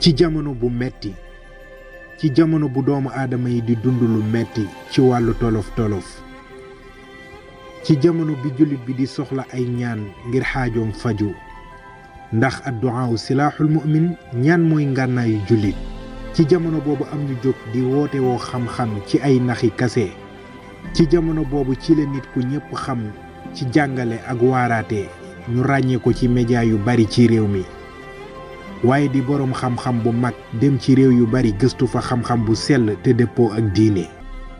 ci jamono bu metti ci jamono bu doomu aadama yi di dund lu metti ci wàllu tolof tolof ci jamono bi jullit bi di soxla ay ñaan ngir xaajoom faju ndax adduwaawu silaaxul mu'min ñaan mooy ngànnaayu jullit ci jamono boobu am ñu jóg di woote woo xam-xam ci ay naxi kase ci jamono boobu ci la nit ku ñépp xam ci jàngale ak waaraate ñu ràññee ko ci média yu bari ci réew mi waaye di boroom xam-xam bu mag dem ci réew yu bari gëstu fa xam-xam bu sell te dëppoo ak diine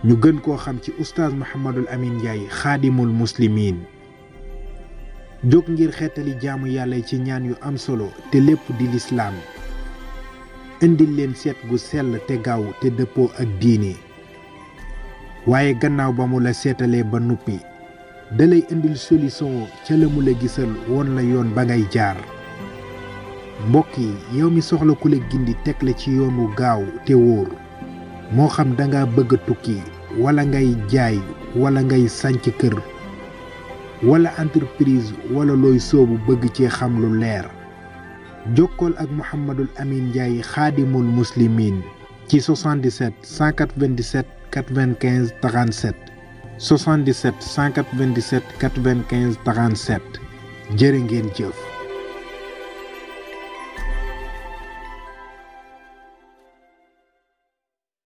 ñu gën koo xam ci oustaz Mouhamadul Amine Ndiaye xaadimul muslimin jóg ngir xeetali jaamu yàlla ci ñaan yu am solo te lépp di lislaam indil leen seet gu sell te gaaw te dëppoo ak diine waaye gannaaw ba mu la seetalee ba nuppi dalay indil solution ca la mu la gisal woon la yoon ba ngay jaar mbokk yi yow mi soxla ku la gindi teg la ci yoonu gaaw te wóor moo xam danga bëgg tukki wala ngay jaay wala ngay sànc kër wala entreprise wala looy soobu bëgg ci xam lu leer jokkool ak Mouhamadul Amine Ndiaye xaadimul muslimin ci 77 197 95 37 77 197 95 37 jërë ngeen jëf.